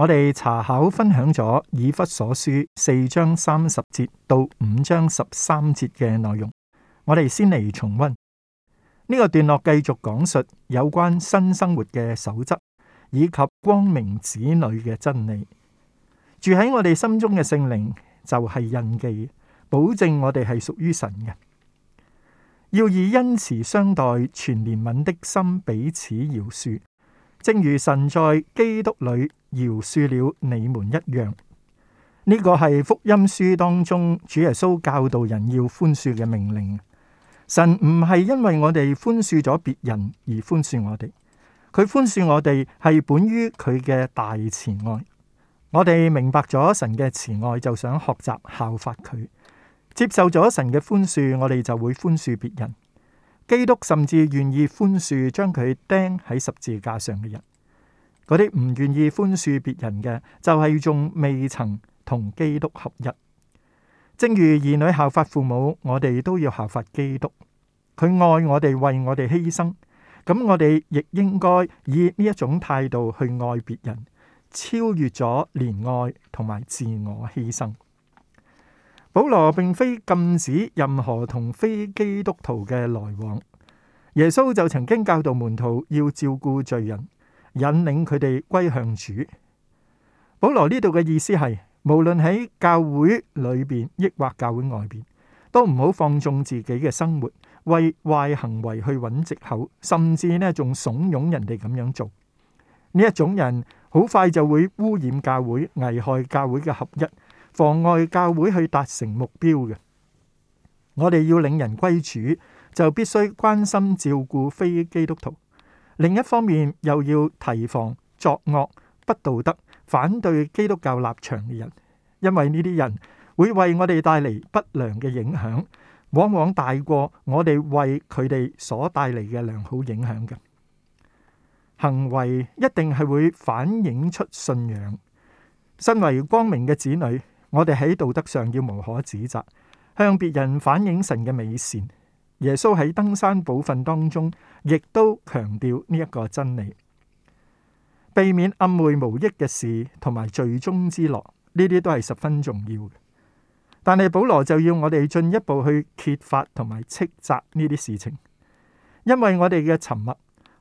我哋查考分享咗以弗所書四章三十節到五章十三節嘅內容，我哋先嚟重溫呢、這個段落，繼續講述有關新生活嘅守則以及光明子女嘅真理。住喺我哋心中嘅聖靈就係印記，保證我哋係屬於神嘅。要以恩慈相待、存憐憫的心彼此饒恕。正如神在基督裏饒恕了你們一樣，呢、這個係福音書當中主耶穌教導人要寬恕嘅命令。神唔係因為我哋寬恕咗別人而寬恕我哋，佢寬恕我哋係本於佢嘅大慈愛。我哋明白咗神嘅慈愛，就想學習效法佢，接受咗神嘅寬恕，我哋就會寬恕別人。基督甚至願意寬恕將佢釘喺十字架上嘅人，嗰啲唔願意寬恕別人嘅，就係仲未曾同基督合一。正如兒女效法父母，我哋都要效法基督。佢愛我哋，為我哋犧牲，咁我哋亦應該以呢一種態度去愛別人，超越咗憐愛同埋自我犧牲。保羅並非禁止任何同非基督徒嘅來往。耶穌就曾經教導門徒要照顧罪人，引領佢哋歸向主。保羅呢度嘅意思係，無論喺教會裏邊，抑或教會外邊，都唔好放縱自己嘅生活，為壞行為去揾藉口，甚至呢仲慫恿人哋咁樣做。呢一種人好快就會污染教會，危害教會嘅合一。妨礙教會去達成目標嘅，我哋要領人歸主，就必須關心照顧非基督徒。另一方面，又要提防作惡、不道德、反對基督教立場嘅人，因為呢啲人會為我哋帶嚟不良嘅影響，往往大過我哋為佢哋所帶嚟嘅良好影響嘅。行為一定係會反映出信仰。身為光明嘅子女。我哋喺道德上要無可指責，向別人反映神嘅美善。耶穌喺登山寶訓當中，亦都強調呢一個真理：避免暗昧無益嘅事，同埋罪中之樂，呢啲都係十分重要嘅。但係保羅就要我哋進一步去揭發同埋斥責呢啲事情，因為我哋嘅沉默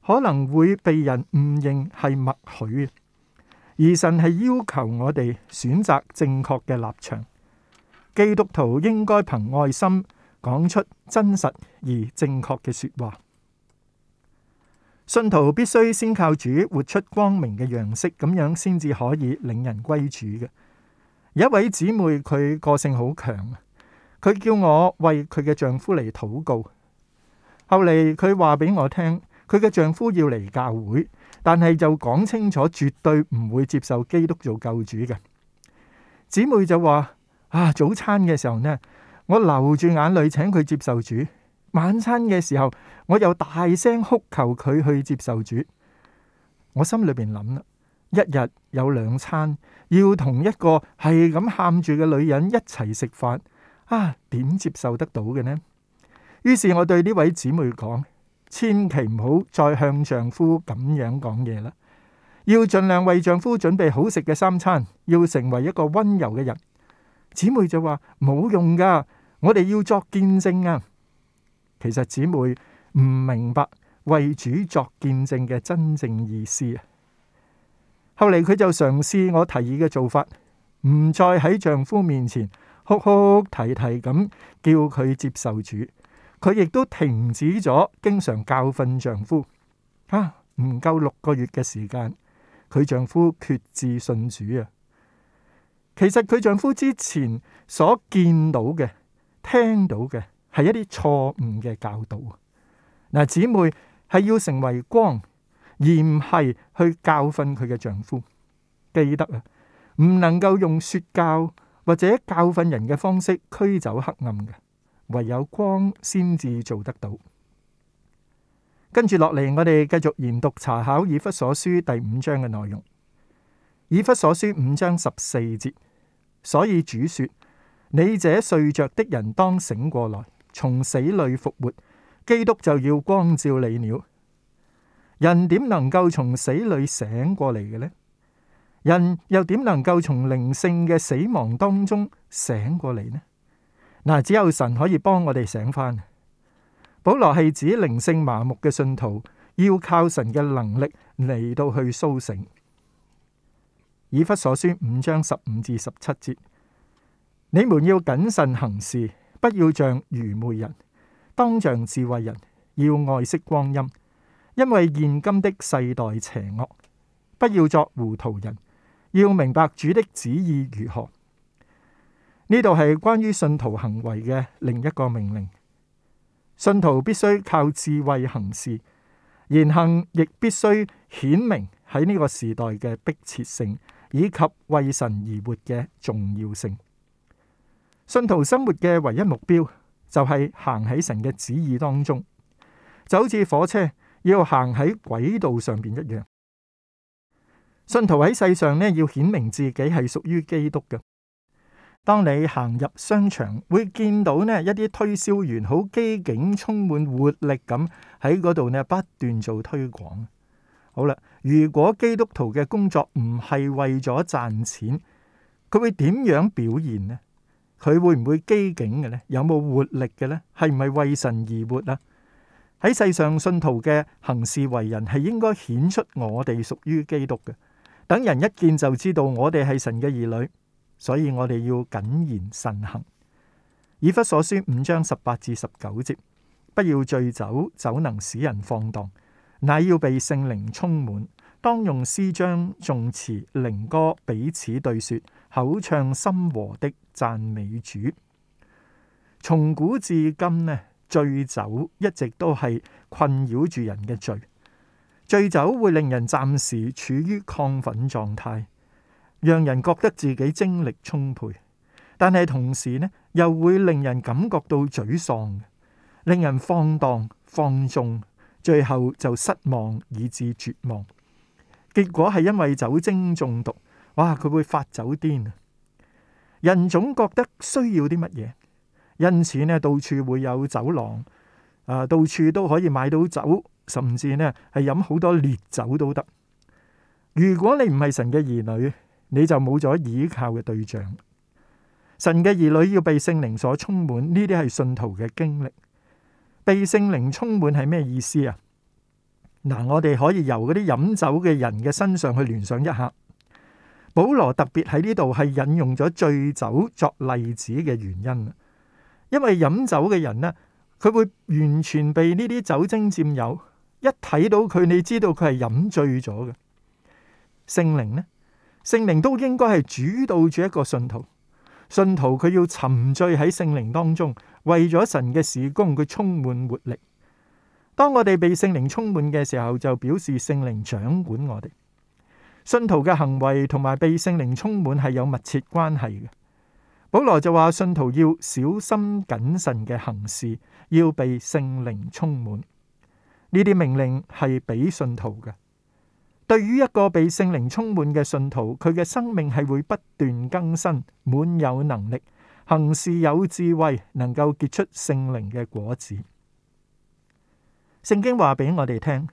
可能會被人誤認係默許。而神係要求我哋選擇正確嘅立場，基督徒應該憑愛心講出真實而正確嘅說話。信徒必須先靠主活出光明嘅樣式，咁樣先至可以令人歸主嘅。有一位姊妹，佢個性好強，佢叫我為佢嘅丈夫嚟禱告。後嚟佢話俾我聽，佢嘅丈夫要嚟教會。但係就講清楚，絕對唔會接受基督做救主嘅。姊妹就話：啊，早餐嘅時候呢，我流住眼淚請佢接受主；晚餐嘅時候，我又大聲哭求佢去接受主。我心裏邊諗啦，一日有兩餐要同一個係咁喊住嘅女人一齊食飯，啊，點接受得到嘅呢？於是我對呢位姊妹講。千祈唔好再向丈夫咁樣講嘢啦，要盡量為丈夫準備好食嘅三餐，要成為一個溫柔嘅人。姊妹就話冇用噶，我哋要作見證啊！其實姊妹唔明白為主作見證嘅真正意思啊。後嚟佢就嘗試我提議嘅做法，唔再喺丈夫面前哭哭啼啼咁叫佢接受主。佢亦都停止咗經常教訓丈夫，吓、啊、唔夠六個月嘅時間，佢丈夫決志信主啊。其實佢丈夫之前所見到嘅、聽到嘅係一啲錯誤嘅教導啊。嗱，姊妹係要成為光，而唔係去教訓佢嘅丈夫。記得啊，唔能夠用說教或者教訓人嘅方式驅走黑暗嘅。唯有光先至做得到。跟住落嚟，我哋繼續研讀查考以弗所書第五章嘅內容。以弗所書五章十四節，所以主說：你這睡着的人當醒過來，從死裏復活。基督就要光照你了。人點能夠從死裏醒過嚟嘅呢？人又點能夠從靈性嘅死亡當中醒過嚟呢？但只有神可以幫我哋醒返。保羅係指靈性麻木嘅信徒要靠神嘅能力嚟，到去甦醒。以弗所書五章十五至十七節，你們要謹慎行事，不要像愚昧人，當像智慧人，要愛惜光陰，因為現今的世代邪惡，不要作糊塗人，要明白主的旨意如何。呢度係關於信徒行為嘅另一個命令，信徒必須靠智慧行事，言行亦必須顯明喺呢個時代嘅迫切性，以及為神而活嘅重要性。信徒生活嘅唯一目標就係行喺神嘅旨意當中，就好似火車要行喺軌道上邊一樣。信徒喺世上呢，要顯明自己係屬於基督嘅。當你行入商場，會見到呢一啲推銷員好機警，充滿活力咁喺嗰度呢，不斷做推廣。好啦，如果基督徒嘅工作唔係為咗賺錢，佢會點樣表現呢？佢會唔會機警嘅呢？有冇活力嘅呢？係唔係為神而活啊？喺世上，信徒嘅行事為人係應該顯出我哋屬於基督嘅，等人一見就知道我哋係神嘅兒女。所以我哋要謹言慎行。以弗所書五章十八至十九節，不要醉酒，酒能使人放蕩，乃要被聖靈充滿。當用詩章、頌詞、靈歌彼此對說，口唱心和的讚美主。從古至今呢，醉酒一直都係困擾住人嘅罪。醉酒會令人暫時處於亢奮狀態。讓人覺得自己精力充沛，但係同時呢，又會令人感覺到沮喪，令人放蕩放縱，最後就失望以致絕望。結果係因為酒精中毒，哇！佢會發酒癲啊！人總覺得需要啲乜嘢，因此呢，到處會有酒廊啊，到處都可以買到酒，甚至呢係飲好多烈酒都得。如果你唔係神嘅兒女，你就冇咗倚靠嘅對象，神嘅兒女要被聖靈所充滿，呢啲係信徒嘅經歷。被聖靈充滿係咩意思啊？嗱，我哋可以由嗰啲飲酒嘅人嘅身上去聯想一下。保羅特別喺呢度係引用咗醉酒作例子嘅原因，因為飲酒嘅人呢，佢會完全被呢啲酒精佔有，一睇到佢，你知道佢係飲醉咗嘅。聖靈呢？聖靈都應該係主導住一個信徒，信徒佢要沉醉喺聖靈當中，為咗神嘅事工，佢充滿活力。當我哋被聖靈充滿嘅時候，就表示聖靈掌管我哋。信徒嘅行為同埋被聖靈充滿係有密切關係嘅。保羅就話，信徒要小心謹慎嘅行事，要被聖靈充滿。呢啲命令係俾信徒嘅。對於一個被聖靈充滿嘅信徒，佢嘅生命係會不斷更新，滿有能力，行事有智慧，能夠結出聖靈嘅果子。聖經話俾我哋聽，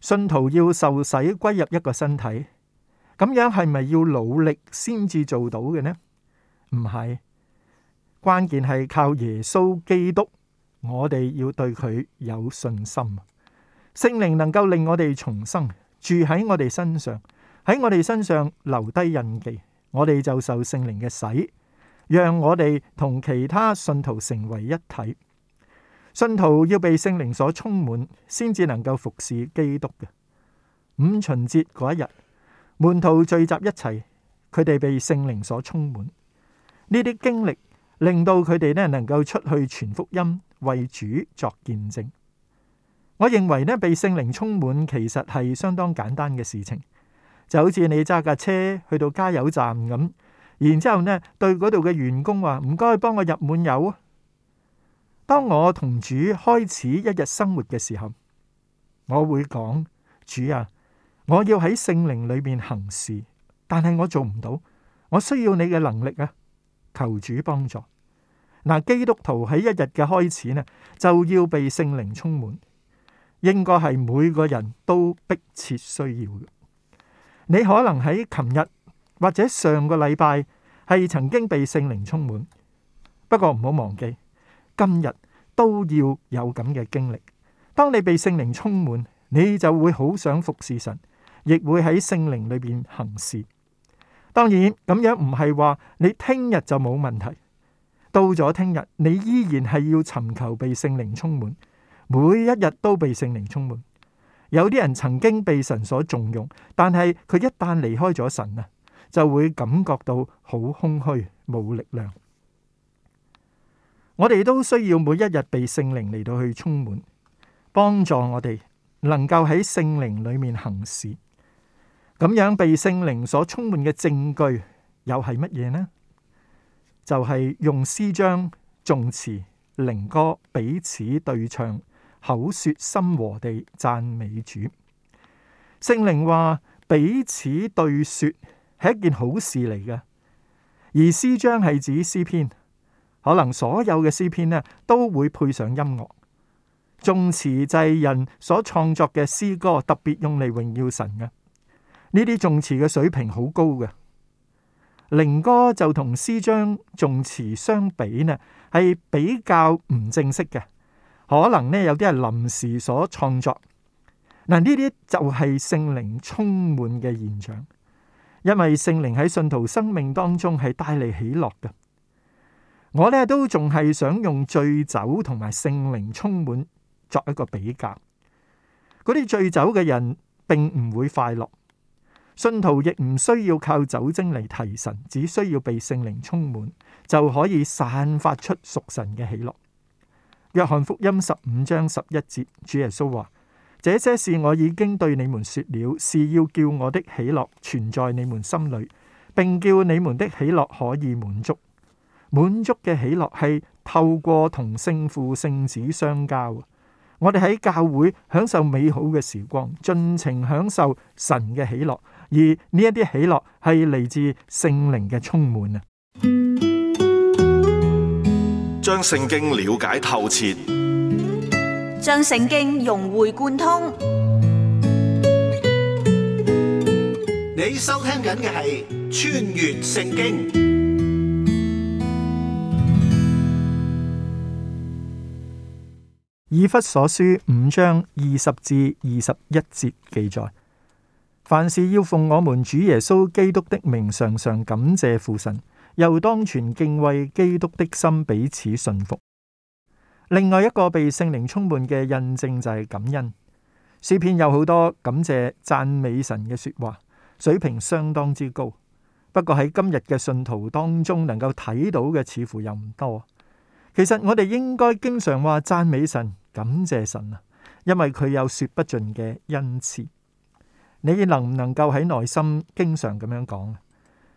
信徒要受洗歸入一個身體，咁樣係咪要努力先至做到嘅呢？唔係，關鍵係靠耶穌基督，我哋要對佢有信心，聖靈能夠令我哋重生。住喺我哋身上，喺我哋身上留低印記，我哋就受聖靈嘅洗，讓我哋同其他信徒成為一體。信徒要被聖靈所充滿，先至能夠服侍基督嘅。五旬節嗰一日，門徒聚集一齊，佢哋被聖靈所充滿，呢啲經歷令到佢哋呢能夠出去傳福音，為主作見證。我認為呢，被聖靈充滿其實係相當簡單嘅事情，就好似你揸架車去到加油站咁，然之後呢，對嗰度嘅員工話唔該幫我入滿油。當我同主開始一日生活嘅時候，我會講主啊，我要喺聖靈裏面行事，但係我做唔到，我需要你嘅能力啊，求主幫助。嗱，基督徒喺一日嘅開始呢，就要被聖靈充滿。應該係每個人都迫切需要嘅。你可能喺琴日或者上個禮拜係曾經被聖靈充滿，不過唔好忘記今日都要有咁嘅經歷。當你被聖靈充滿，你就會好想服侍神，亦會喺聖靈裏邊行事。當然咁樣唔係話你聽日就冇問題。到咗聽日，你依然係要尋求被聖靈充滿。每一日都被聖靈充滿，有啲人曾經被神所重用，但係佢一旦離開咗神啊，就會感覺到好空虛、冇力量。我哋都需要每一日被聖靈嚟到去充滿，幫助我哋能夠喺聖靈裏面行事。咁樣被聖靈所充滿嘅證據又係乜嘢呢？就係用詩章、頌詞、靈歌彼此對唱。口說心和地讚美主，聖靈話彼此對說係一件好事嚟嘅。而詩章係指詩篇，可能所有嘅詩篇呢都會配上音樂。頌詞就係人所創作嘅詩歌，特別用嚟榮耀神嘅。呢啲頌詞嘅水平好高嘅。靈歌就同詩章頌詞相比呢，係比較唔正式嘅。可能呢，有啲係臨時所創作，嗱，呢啲就係聖靈充滿嘅現象，因為聖靈喺信徒生命當中係帶嚟喜樂嘅。我呢都仲係想用醉酒同埋聖靈充滿作一個比較。嗰啲醉酒嘅人並唔會快樂，信徒亦唔需要靠酒精嚟提神，只需要被聖靈充滿就可以散發出屬神嘅喜樂。約翰福音十五章十一節，主耶穌話：這些事我已經對你們說了，是要叫我的喜樂存在你們心裏，並叫你們的喜樂可以滿足。滿足嘅喜樂係透過同聖父、聖子相交。我哋喺教會享受美好嘅時光，盡情享受神嘅喜樂，而呢一啲喜樂係嚟自聖靈嘅充滿啊！將聖經了解透徹， 將聖經融會貫通。 你收聽緊嘅係《穿越聖經》。 以弗所書五章二十至二十一節記載：凡事要奉我們主耶穌基督的名，常常感謝父神。又當存敬畏基督的心彼此順服。另外一個被聖靈充滿嘅印證就係感恩。詩篇有好多感謝讚美神嘅說話，水平相當之高。不過喺今日嘅信徒當中，能夠睇到嘅似乎又唔多。其實我哋應該經常話讚美神、感謝神啊，因為佢有說不盡嘅恩賜。你能唔能夠喺內心經常咁樣講？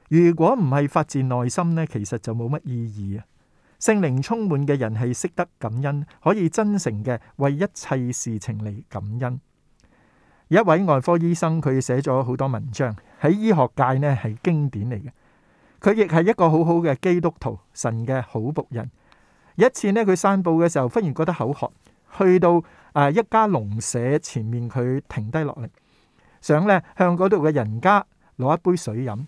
如果唔係發自內心呢，其實就冇乜意義啊。聖靈充滿嘅人係識得感恩，可以真誠嘅為一切事情嚟感恩。有一位外科醫生，佢寫咗好多文章喺醫學界呢係經典嚟嘅。佢亦係一個好好嘅基督徒，神嘅好僕人。一次呢，佢散步嘅時候忽然覺得口渴，去到誒、呃、一家農舍前面，佢停低落嚟，想咧向嗰度嘅人家攞一杯水飲。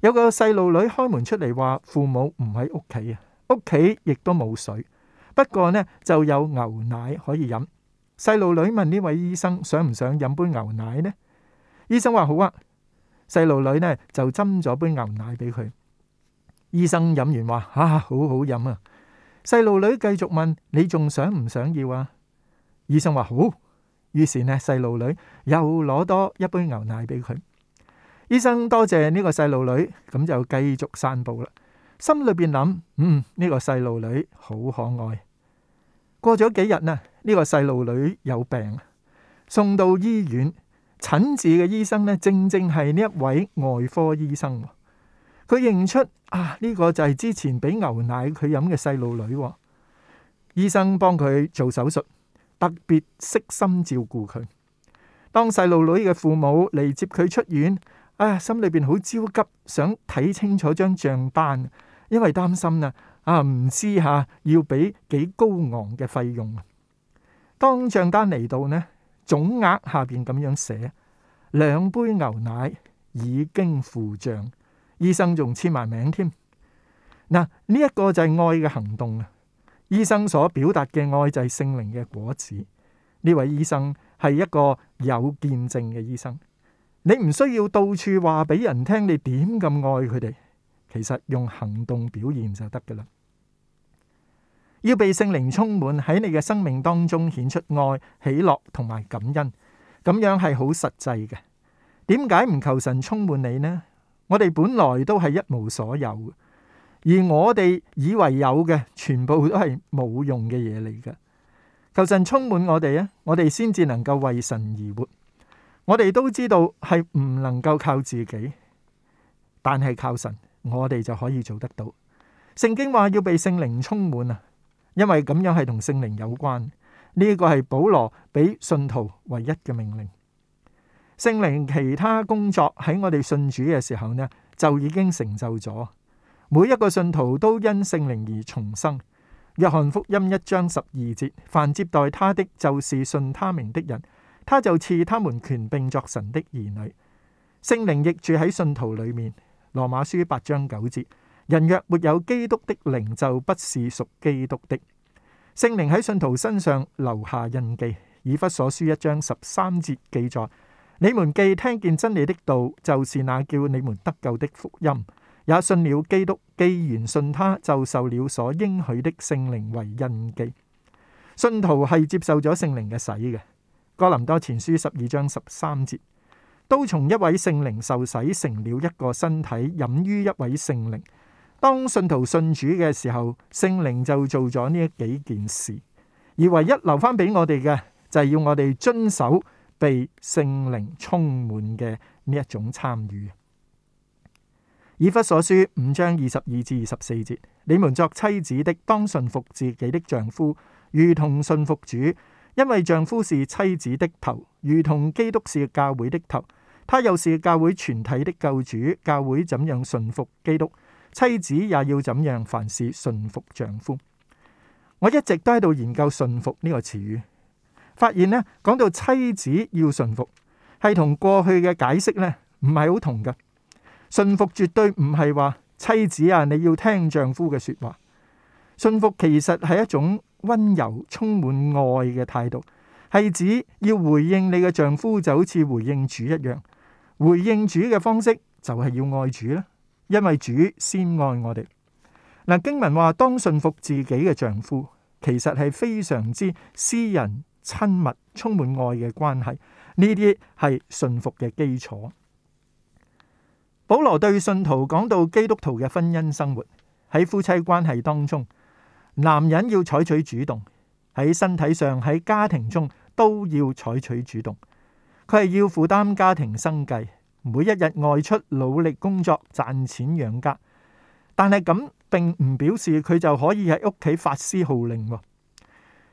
有個細路女開門出嚟，話父母唔喺屋企啊，屋企亦都冇水，不過呢就有牛奶可以飲。細路女問呢位醫生想唔想飲杯牛奶呢？醫生話好啊，細路女呢就斟咗杯牛奶俾佢。醫生飲完話，啊，好好飲啊！細路女繼續問，你仲想唔想要啊？醫生話好，於是呢細路女又攞多一杯牛奶俾佢。醫生多謝呢個細路女，咁就繼續散步啦。心裏邊諗：嗯，呢個細路女好可愛。過咗幾日呢，呢個細路女有病，送到醫院診治嘅醫生呢，正正係呢一位外科醫生。佢認出啊，呢個就係之前俾牛奶佢飲嘅細路女。醫生幫佢做手術，特別悉心照顧佢。當細路女嘅父母嚟接佢出院。哎心裏邊好焦急，想睇清楚張賬單，因為擔心啦。啊，唔知吓、啊、要俾幾高昂嘅費用。當賬單嚟到呢，總額下邊咁樣寫，兩杯牛奶已經付賬，醫生仲簽埋名添。嗱，呢、這、一個就係愛嘅行動啊！醫生所表達嘅愛就係聖靈嘅果子。呢位醫生係一個有見證嘅醫生。你唔需要到處話俾人聽你點咁愛佢哋，其實用行動表現就得噶啦。要被聖靈充滿，喺你嘅生命當中顯出愛、喜樂同埋感恩，咁樣係好實際嘅。點解唔求神充滿你呢？我哋本來都係一無所有，而我哋以為有嘅，全部都係冇用嘅嘢嚟嘅。求神充滿我哋啊，我哋先至能夠為神而活。我哋都知道係唔能夠靠自己，但係靠神，我哋就可以做得到。聖經話要被聖靈充滿啊，因為咁樣係同聖靈有關。呢個係保羅俾信徒唯一嘅命令。聖靈其他工作喺我哋信主嘅時候呢，就已經成就咗。每一個信徒都因聖靈而重生。約翰福音一章十二節：凡接待他的，就是信他名的人。他就賜他們權，並作神的兒女，聖靈亦住喺信徒裏面。羅馬書八章九節：人若沒有基督的靈，就不是屬基督的。聖靈喺信徒身上留下印記。以弗所書一章十三節記載：你們既聽見真理的道，就是那叫你們得救的福音，也信了基督。既然信他，就受了所應許的聖靈為印記。信徒係接受咗聖靈嘅洗嘅。哥林多前書十二章十三節，都從一位聖靈受洗，成了一個身體，飲於一位聖靈。當信徒信主嘅時候，聖靈就做咗呢幾件事，而唯一留翻俾我哋嘅，就係、是、要我哋遵守被聖靈充滿嘅呢一種參與。以弗所書五章二十二至二十四節，你們作妻子的，當順服自己的丈夫，如同順服主。因為丈夫是妻子的頭，如同基督是教會的頭，他又是教會全體的救主。教會怎樣順服基督，妻子也要怎樣，凡事順服丈夫。我一直都喺度研究順服呢個詞語，發現呢，講到妻子要順服，係同過去嘅解釋呢唔係好同㗎。順服絕對唔係話妻子啊，你要聽丈夫嘅說話。信服其實係一種溫柔、充滿愛嘅態度，係指要回應你嘅丈夫就好似回應主一樣。回應主嘅方式就係要愛主啦，因為主先愛我哋嗱。經文話：當信服自己嘅丈夫，其實係非常之私人、親密、充滿愛嘅關係。呢啲係信服嘅基礎。保羅對信徒講到基督徒嘅婚姻生活喺夫妻關係當中。男人要採取主動，喺身體上、喺家庭中都要採取主動。佢係要負擔家庭生計，每一日外出努力工作賺錢養家。但係咁並唔表示佢就可以喺屋企發施號令。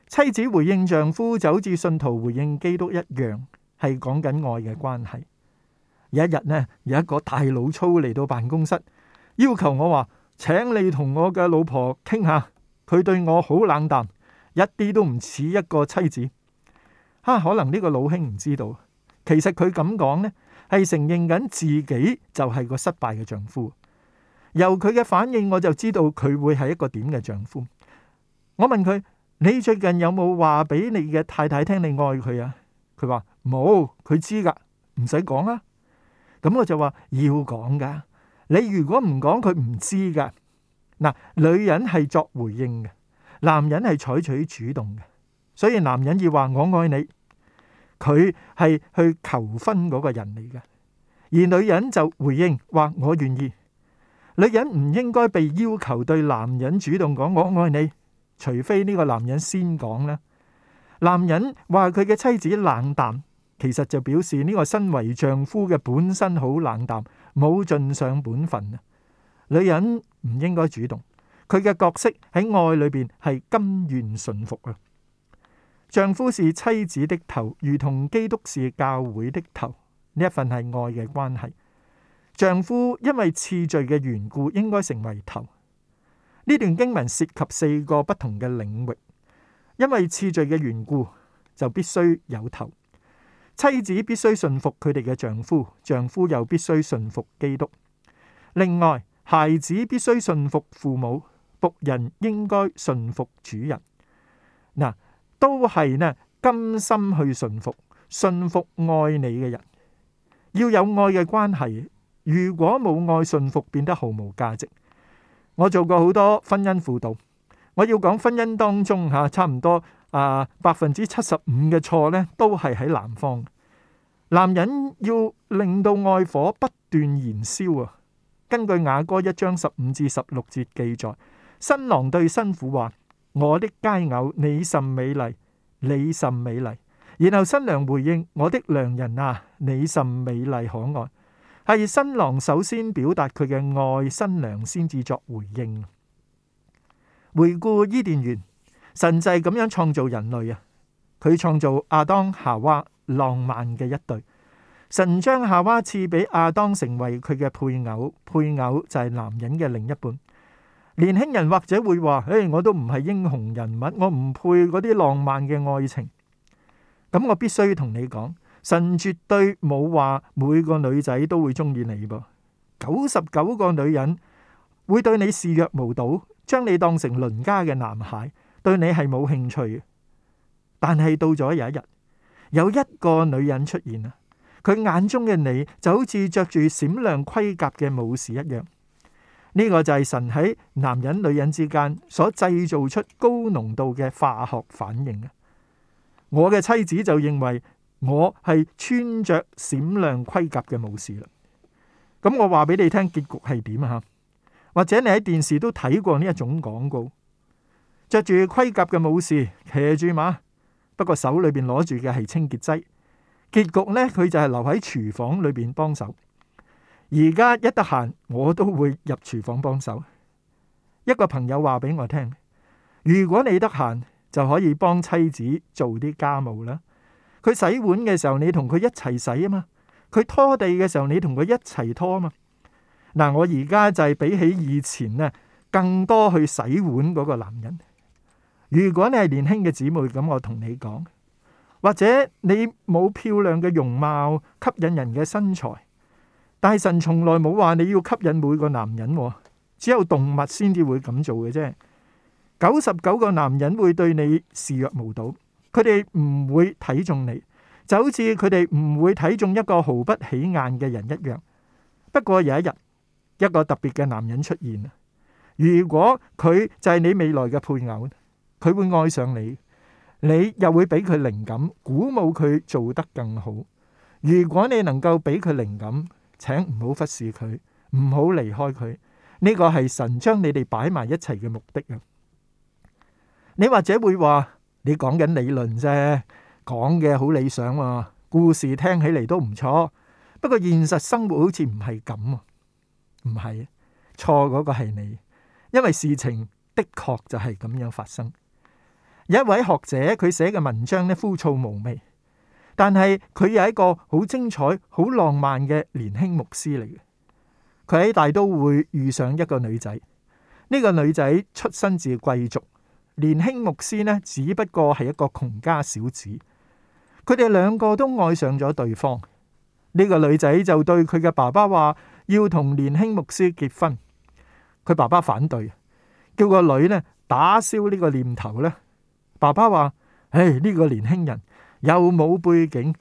妻子回應丈夫，就好似信徒回應基督一樣，係講緊愛嘅關係。有一日呢，有一個大老粗嚟到辦公室，要求我話：請你同我嘅老婆傾下。佢對我好冷淡，一啲都唔似一個妻子。哈，可能呢個老兄唔知道，其實佢咁講呢，係承認緊自己就係個失敗嘅丈夫。由佢嘅反應，我就知道佢會係一個點嘅丈夫。我問佢：你最近有冇話俾你嘅太太聽你愛佢啊？佢話冇，佢知噶，唔使講啦。咁我就話，要講噶，你如果唔講，佢唔知噶。嗱，女人係作回應嘅，男人係採取主動嘅，所以男人要話我愛你，佢係去求婚嗰個人嚟嘅，而女人就回應話我願意。女人唔應該被要求對男人主動講我愛你，除非呢個男人先講啦。男人話佢嘅妻子冷淡，其實就表示呢個身為丈夫嘅本身好冷淡，冇盡上本分啊。女人唔應該主動，佢嘅角色喺愛裏邊係甘願順服啊。丈夫是妻子的頭，如同基督是教會的頭，呢一份係愛嘅關係。丈夫因為次序嘅緣故，應該成為頭。呢段經文涉及四個不同嘅領域，因為次序嘅緣故就必須有頭，妻子必須順服佢哋嘅丈夫，丈夫又必須順服基督。另外，孩子必須順服父母，僕人應該順服主人。嗱、啊，都係咧，甘心去順服，順服愛你嘅人，要有愛嘅關係。如果冇愛，順服變得毫無價值。我做過好多婚姻輔導，我要講婚姻當中嚇差唔多啊，百分之七十五嘅錯咧都係喺男方。男人要令到愛火不斷燃燒啊！根據雅歌一章十五至十六節記載，新郎對新婦話：我的佳偶，你甚美麗，你甚美麗。然後新娘回應：我的良人啊，你甚美麗可愛。係新郎首先表達佢嘅愛，新娘先至作回應。回顧伊甸園，神就係咁樣創造人類啊。佢創造亞當夏娃浪漫嘅一對。神將夏娃賜俾亞當，成為佢嘅配偶。配偶就係男人嘅另一半。年輕人或者會話：誒，我都唔係英雄人物，我唔配嗰啲浪漫嘅愛情。咁我必須同你講，神絕對冇話每個女仔都會中意你噃。九十九個女人會對你視若無睹，將你當成鄰家嘅男孩，對你係冇興趣嘅。但係到咗有一日，有一個女人出現啦。佢眼中嘅你就好似着住閃亮盔甲嘅武士一樣，呢個就係神喺男人女人之間所製造出高濃度嘅化學反應啊！我嘅妻子就認為我係穿着閃亮盔甲嘅武士啦。咁我話俾你聽，結局係點啊？或者你喺電視都睇過呢一種廣告，着住盔甲嘅武士騎住馬，不過手裏邊攞住嘅係清潔劑。結局呢，佢就係留喺廚房裏邊幫手。而家一得閒，我都會入廚房幫手。一個朋友話俾我聽：如果你得閒，就可以幫妻子做啲家務啦。佢洗碗嘅時候，你同佢一齊洗啊嘛。佢拖地嘅時候，你同佢一齊拖啊嘛。嗱，我而家就係比起以前呢，更多去洗碗嗰個男人。如果你係年輕嘅姊妹，咁我同你講。或者你冇漂亮嘅容貌、吸引人嘅身材，但係神從來冇話你要吸引每個男人，只有動物先至會咁做嘅啫。九十九個男人會對你視若無睹，佢哋唔會睇中你，就好似佢哋唔會睇中一個毫不起眼嘅人一樣。不過有一日，一個特別嘅男人出現啊，如果佢就係你未來嘅配偶，佢會愛上你。你又會俾佢靈感，鼓舞佢做得更好。如果你能夠俾佢靈感，請唔好忽視佢，唔好離開佢。呢個係神將你哋擺埋一齊嘅目的啊！你或者會話你講緊理論啫，講嘅好理想嘛，故事聽起嚟都唔錯。不過現實生活好似唔係咁啊，唔係，錯嗰個係你，因為事情的確就係咁樣發生。一位學者，佢寫嘅文章呢，枯燥無味，但係佢又係一個好精彩、好浪漫嘅年輕牧師嚟嘅。佢喺大都會遇上一個女仔，呢個女仔出身自貴族，年輕牧師呢，只不過係一個窮家小子。佢哋兩個都愛上咗對方。呢個女仔就對佢嘅爸爸話要同年輕牧師結婚，佢爸爸反對，叫個女呢打消呢個念頭呢。爸爸話：，唉，呢個年輕人又冇背景，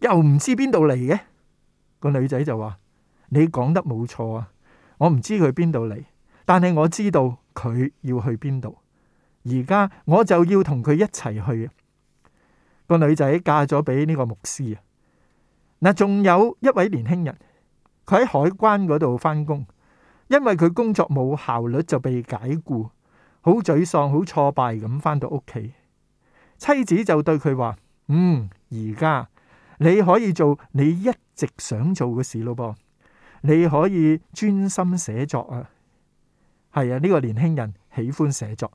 又唔知邊度嚟嘅。個女仔就話：，你講得冇錯啊，我唔知佢邊度嚟，但係我知道佢要去邊度。而家我就要同佢一齊去。個女仔嫁咗俾呢個牧師啊。嗱，仲有一位年輕人，佢喺海關嗰度返工，因為佢工作冇效率就被解僱，好沮喪、好挫敗咁返到屋企。妻子就對佢話：，嗯，而家你可以做你一直想做嘅事咯噃，你可以專心寫作啊。係啊，呢個年輕人喜歡寫作，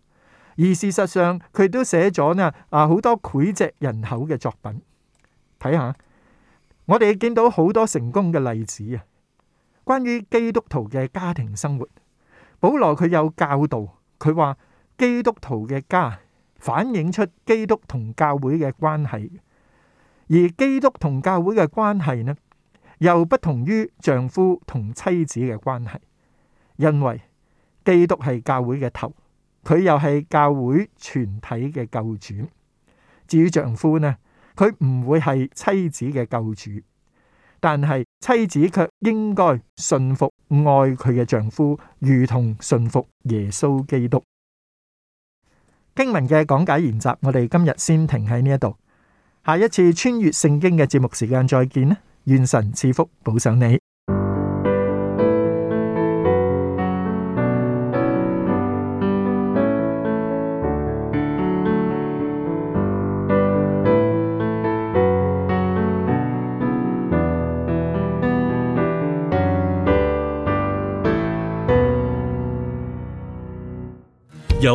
而事實上佢都寫咗呢啊好多膾炙人口嘅作品。睇下，我哋見到好多成功嘅例子啊。關於基督徒嘅家庭生活，保羅佢有教導，佢話基督徒嘅家。反映出基督同教會嘅關係，而基督同教會嘅關係呢，又不同於丈夫同妻子嘅關係，因為基督係教會嘅頭，佢又係教會全體嘅救主。至於丈夫呢，佢唔會係妻子嘅救主，但係妻子卻應該順服愛佢嘅丈夫，如同順服耶穌基督。經文嘅講解研習，我哋今日先停喺呢一度。下一次穿越聖經嘅節目時間再見啦！願神賜福保守你。